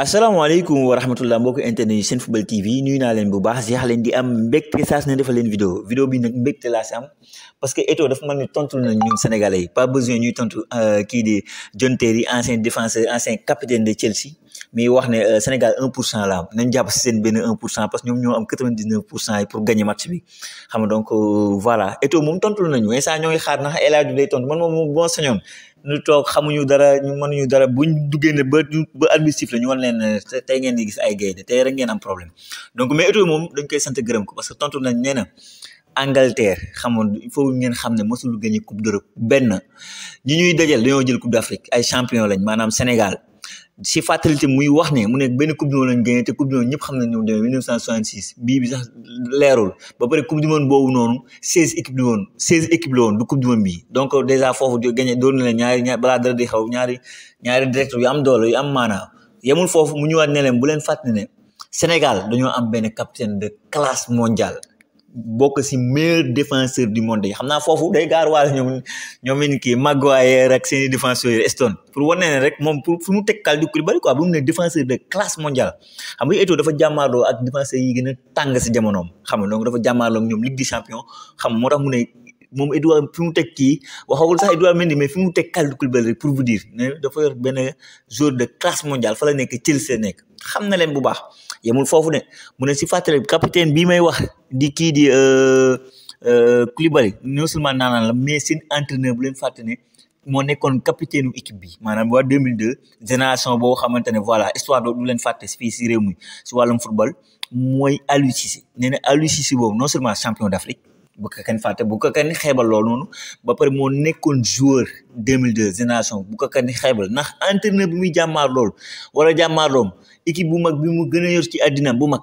asalaamaaleykum wa rahmatullah mbokk internet yi seen football tv nuy na len bu baax si len di am mbégte une defal len vidéo vidéo bi nak mbégte laa parce que Eto'o dafa mel ni na ñun sénégalais pas besoin ñuy tontu euh, ki di John Terry ancien défenseur ancien capitaine de Chelsea mi wax ne euh, Sénégal 1 la am nañ jàpp si seen benn 1 parce que ñom ñoo am 99 pour gagner match bi xam donc euh, voilà Eto'o moom tontul nañu instant ça ñoy xaar nak Elad Hadj day tontu man mom bon sañoon ñu toog xamuñu dara ñu mënuñu dara buñ duggee ne ba ba administratif la ñu wan leen tey ngeen di gis ay gay de tay rek ngeen am problème donc mais Eto'o moom dañ koy sante gërëm ko parce que tontu nañ néna Angleterre xamoon il faut ngeen xam ne mosul gagner coupe d'Europe ben ñi ñuy dajal dañu jël coupe d'Afrique ay champion lañ manam Sénégal si fàttali te muy wax ne mu nekk benn coupe du monde lañ gagné coupe du monde ñëpp xam nañ ñoom demee 1966 bii bi sax leerul ba pare coupe du monde boobu noonu 16 équipes la woon 16 équipes la woon du coupe du monde donc dèjà foofu di gagné doon na ñaari ñaari balaa dara di xaw ñaari ñaari directeur yu am doole yu am maanaa yemul foofu mu ñëwaat ne leen bu leen fàttali Sénégal dañoo am benn capitaine de classe mondiale. bokk si meilleur défenseur du monde yi xam naa foofu day gaar waale ñoom ñoom ñu kii Maguire ak seen i défenseurs yi pour wane ne rek moom pour fu mu teg Kalidou Koulibaly quoi bu mu ne défenseur de classe mondiale xam nga Eto'o dafa jàmmaarloo ak défenseurs yi gën a tàng si jamonoom xam nga donc dafa jàmmaarloo ak ñoom Ligue des champions xam moo tax mu ne moom Edouard fi mu teg kii waxawul sax Edouard Mendy mais fi mu teg Kalidou Koulibaly rek pour vous dire ne dafa yor benn joueur de classe mondiale fa la nekk Chelsea nekk xam na leen bu baax. yemul fofu ne mu ne si fàttali capitaine bii may wax di kii di euh, euh, non seulement naanaan la mais seen entraîneur bu leen fàtte ne moo nekkoon capitaine u équipe bi maanaam waa 2002 génération boo xamante ne voilà histoire de du leen fàtte fii si réew mi si wàllum football mooy Aliou nee na boobu non seulement champion d'Afrique bu ko kenn fàtte bu ko kenn xeebal loolu noonu ba pare moo nekkoon joueur 2002 génération bu ko kenn xeebal ndax entraîneur bi muy jàmmaar loolu wala jàmmaarloom équipe bu mag bi mu gën a yor ci àddina bu mag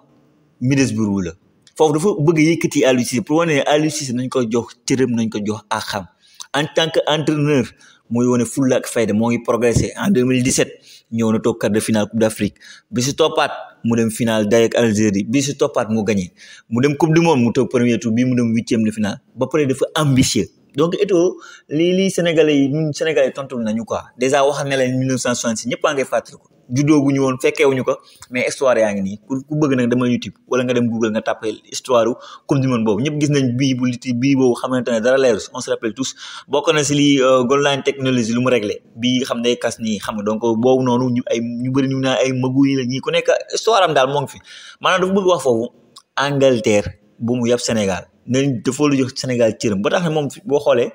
Middlesbrough la foofu dafa bëgg yëkkati Aliou Cissé pour wane ne Aliou Cissé nañ ko jox cërëm nañ ko jox axam en tant que entraîneur mooy wane fulla ak fayda moo ngi progressé en 2017 ñëw na toog quart de finale coupe d' afrique bi si toppaat mu dem finale dayeeg algérie bi si toppaat mu gagné mu dem coupe du monde mu toog premier tour bii mu dem huitième de finale ba pare dafa ambitieux donc Eto'o lii lii sénégalais yi ñun sénégalais tontul nañu quoi déjà wax na leen 1966 ñëpp a ngi fàttali ko juddoo gu ñu woon fekkeewuñu ko mais histoire yaa ngi nii ku bëgg nag dama wala nga dem Google nga tàppee histoire coupe du monde ñëpp gis nañ bii bu liti bii boobu xamante ne dara leerus on se rappelle tous bokk na si lii euh, goal line technologie lu mu réglé bii xam day kas nii xam nga donc boobu noonu ñu ay ñu bëri ñu naa ay magu yi la ñii ku nekk histoire am daal moo ngi fi maanaam dafa bëgg wax foofu Angleterre bu mu yab Sénégal nañ dafa lu jox Sénégal cëram ba tax na moom boo xoolee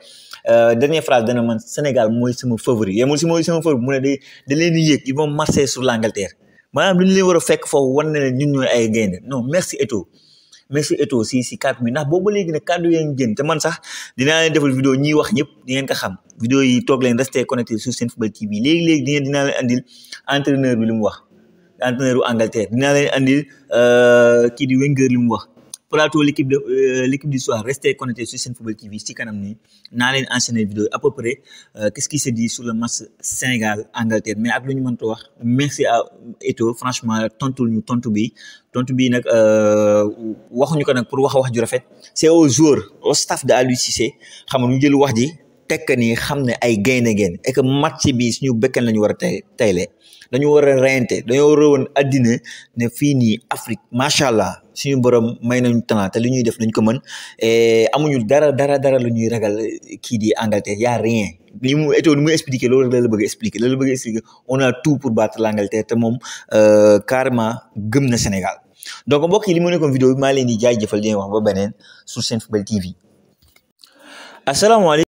euh, dernière phrase dana man Sénégal mooy sama favori yemul si mooy sama favori mu ne da da leen di yéeg ils vont marcher sur l'Angleterre maanaam lu ñu leen war a fekk foofu war na leen ñun ñooy ay gaynde non merci Eto'o merci Eto'o si si kàddu bi ndax boobu léegi nag kàddu yaa ngi jën dinaa leen defal vidéo ñiy wax ñëpp di ngeen ko xam vidéo yi toog leen resté connecté sur seen football TV léegi léegi di dinaa leen andil entraîneur bi li mu wax entraîneur bu Angleterre dinaa leen andil euh, kii di Wenger li mu wax plateau l'équipe de euh, l'équipe du soir restez connectés sur football TV kanam enchaîner vidéo à peu près euh, qu'est-ce qui se dit sur le match Sénégal Angleterre mais ak merci à Eto franchement tantôt nous, tontu bi bi euh, pour wax wax ju rafet c'est au staff de Cissé xam ñu jël wax ji tek ni ay match bi suñu bekkel lañu wara dañu Afrique suñu borom may na talent te li ñuy def nañ ko man et amuñu dara dara dara lu ñuy ragal kii di Angleterre y a rien li mu Eto'o li muy expliqué loolu rek la la bëgg a expliqué la la bëgg a expliqué on a tout pour battre l'Angleterre te moom euh, carrément gëm na Sénégal donc mbokk yi li mu nekkoon vidéo bi maa leen di jëfal di wax ba beneen sur Senfootball TV asalaamaaleykum